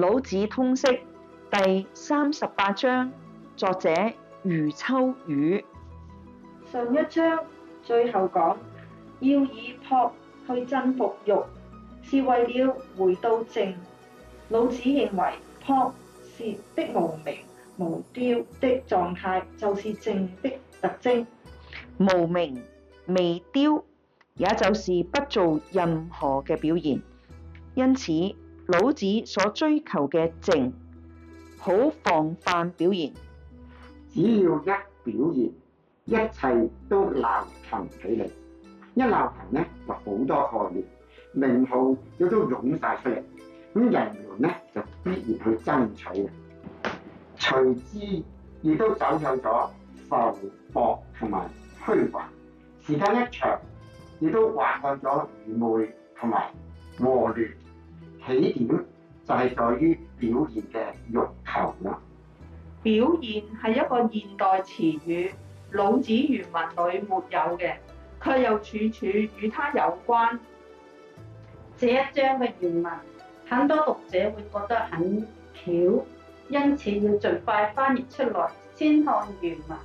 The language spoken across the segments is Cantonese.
老子通識第三十八章，作者余秋雨。上一章最後講，要以樸去征服欲，是為了回到靜。老子認為，樸是的無名無雕的狀態，就是靜的特徵。無名、未雕，也就是不做任何嘅表現，因此。老子所追求嘅靜，好防範表現。只要一表現，一切都鬧騰起嚟。一鬧騰咧，就好多概念、名號，亦都湧晒出嚟。咁人們咧就必然去爭取嘅，隨之亦都走向咗浮薄同埋虛幻。時間一長，亦都滑向咗愚昧同埋禍亂。起點就係在於表現嘅欲求啦。表現係一個現代詞語，老子原文裏沒有嘅，卻又處處與它有關。這一章嘅原文，很多讀者會覺得很巧，因此要最快翻譯出來，先看原文。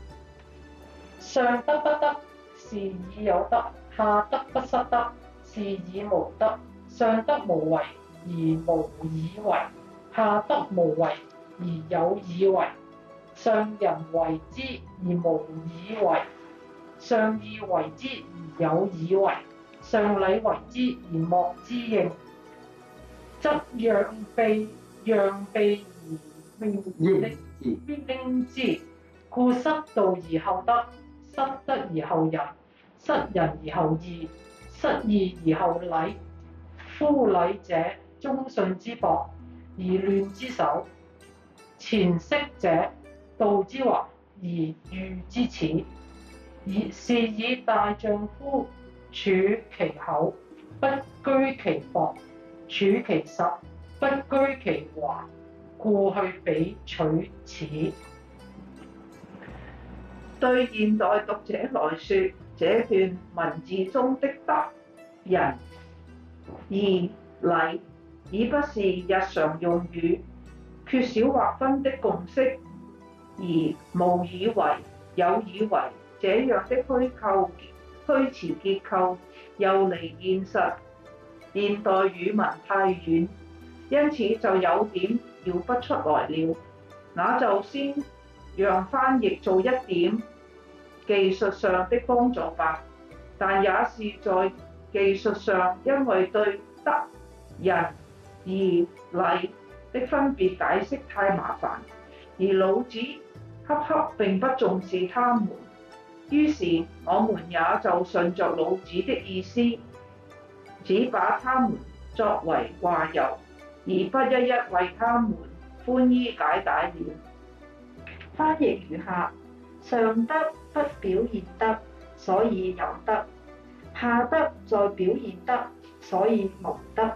上德不德，是以有德；下德不失德，是以無德。上德無為，而無以為下德無為而有以為上仁為之而無以為上義為之而有以為上禮為之而莫之應，則攘臂、攘臂而命之命之，命之。故失道而後德，失德而後仁，失仁而後義，失義而後禮。夫禮者忠信之薄，而亂之首。前識者，道之華，而愚之始。而是以大丈夫處其厚，不居其薄；處其實，不居其華。故去彼取此。對現代讀者來說，這段文字中的德、仁、義、禮，已不是日常用語，缺少劃分的共識，而無以為、有以為這樣的虛構虛詞結構又離現實現代語文太遠，因此就有點繞不出來了。那就先讓翻譯做一點技術上的幫助吧，但也是在技術上，因為對德人，而禮的分別解釋太麻煩，而老子恰恰並不重視他們，於是我們也就順着老子的意思，只把他們作為掛遊，而不一一為他們寬衣解帶了。翻譯如下：上德不表現德，所以有德；下德再表現德，所以無德。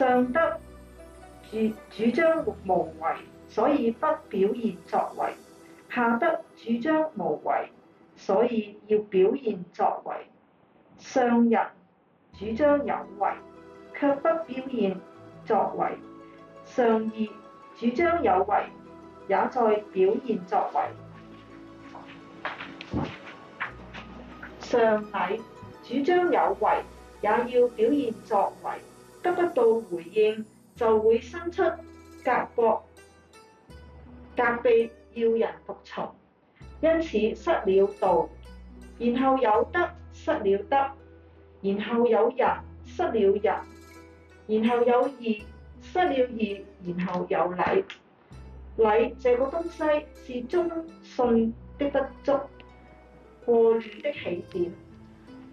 上德主主張無為，所以不表現作為；下德主張無為，所以要表現作為。上仁主張有為，卻不表現作為；上義主張有為，也在表現作為；上禮主張有為，也要表現作為。得不到回應，就會生出胳膊、胳臂，要人服從，因此失了道；然後有德，失了德；然後有仁，失了仁，然後有義，失了義；然後有禮，禮這個東西是忠信的不足，過亂的起點。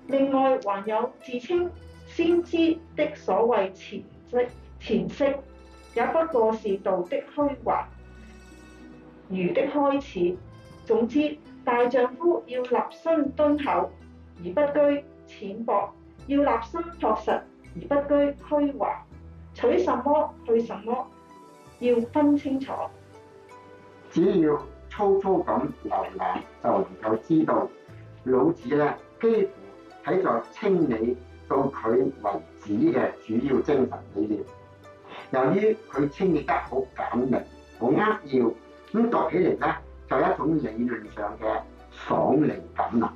另外還有自稱。先知的所謂前識前識，也不過是道的虛華，愚的開始。總之，大丈夫要立身敦厚而不居淺薄，要立身樸實而不居虛華。取什麼，去什麼，要分清楚。只要粗粗咁瀏覽，就能夠知道。老子咧，幾乎喺度清理。到佢為止嘅主要精神理念，由於佢清理得好簡明、好扼要，咁讀起嚟咧就一種理論上嘅爽靈感啦。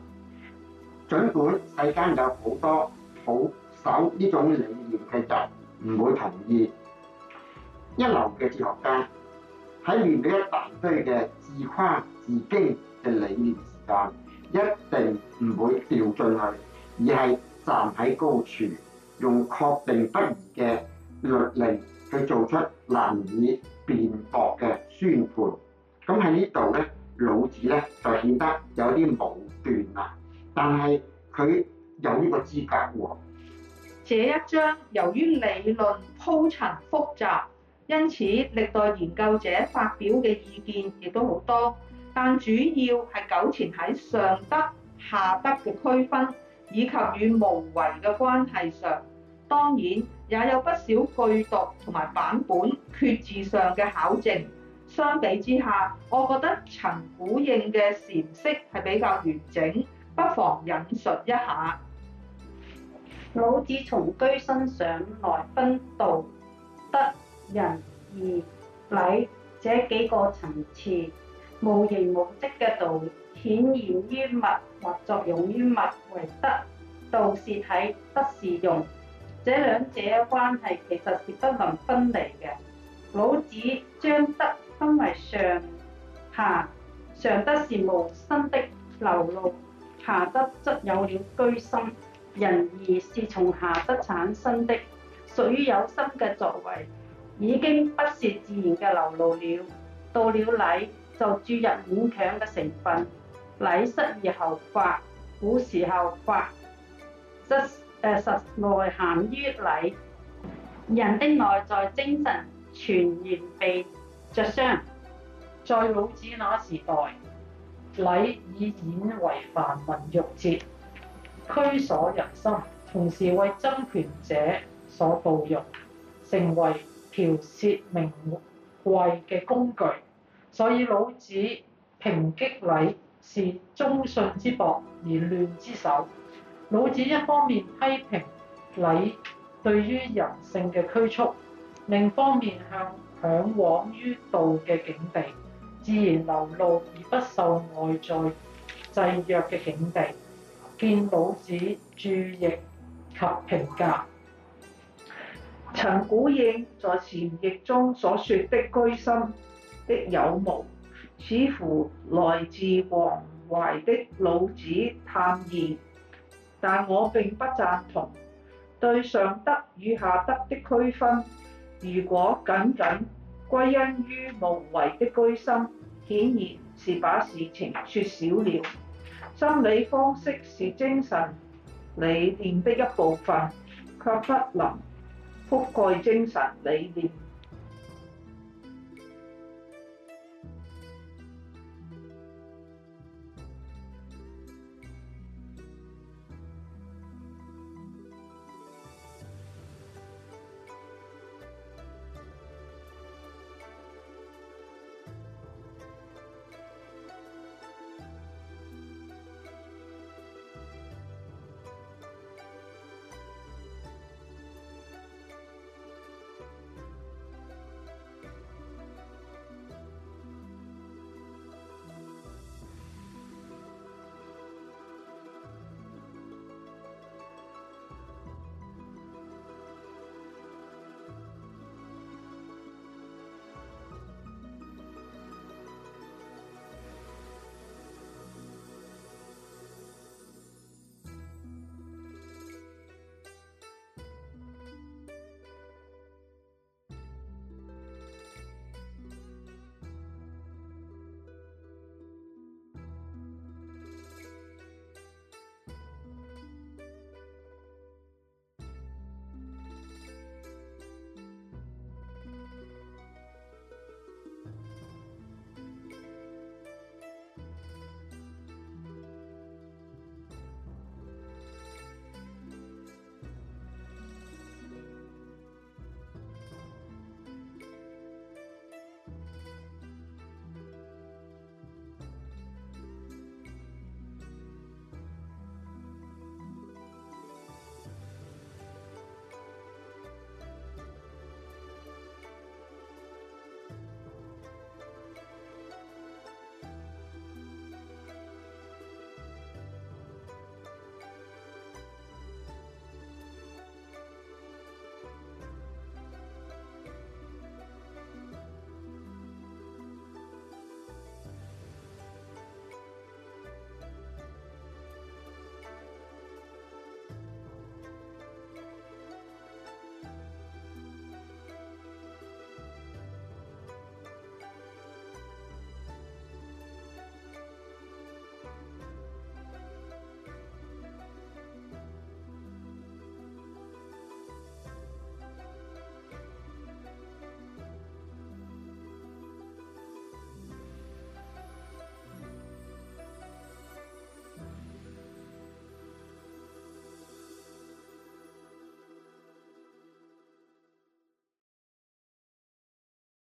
儘管世間有好多保守呢種理念嘅就唔會同意，一流嘅哲學家喺面對一大堆嘅自誇、自矜嘅理念時間，一定唔會掉進去，而係。站喺高處，用確定不移嘅律令去做出難以辯駁嘅宣判。咁喺呢度咧，老子咧就顯得有啲武斷啦。但係佢有呢個資格喎、哦。這一章由於理論鋪陳複雜，因此歷代研究者發表嘅意見亦都好多，但主要係糾纏喺上德下德嘅區分。以及與無為嘅關係上，當然也有不少句讀同埋版本缺字上嘅考證。相比之下，我覺得陳鼓應嘅闡釋係比較完整，不妨引述一下：老子從居身上來分道德仁義禮這幾個層次，無形無跡嘅道。顯現於物或作用於物為德，道是體，德是用，這兩者關係其實是不能分離嘅。老子將德分為上、下，上德是無心的流露，下德則有了居心。仁義是從下德產生的，屬於有心嘅作為，已經不是自然嘅流露了。到了禮，就注入勉強嘅成分。禮失而後法，古時候法則誒實內涵於禮，人的內在精神全然被着傷。在老子那時代，禮已演為繁文縟節，拘鎖人心，同時為爭權者所暴用，成為剽竊名貴嘅工具。所以老子抨擊禮。是忠信之薄而亂之首。老子一方面批評禮對於人性嘅拘束，另一方面向嚮往於道嘅境地，自然流露而不受外在制約嘅境地。見老子注譯及評價。陳鼓應在前譯中所說的居心的有無。似乎來自王懷的老子探議，但我並不贊同對上德與下德的區分。如果僅僅歸因於無為的居心，顯然是把事情說少了。心理方式是精神理念的一部分，卻不能覆蓋精神理念。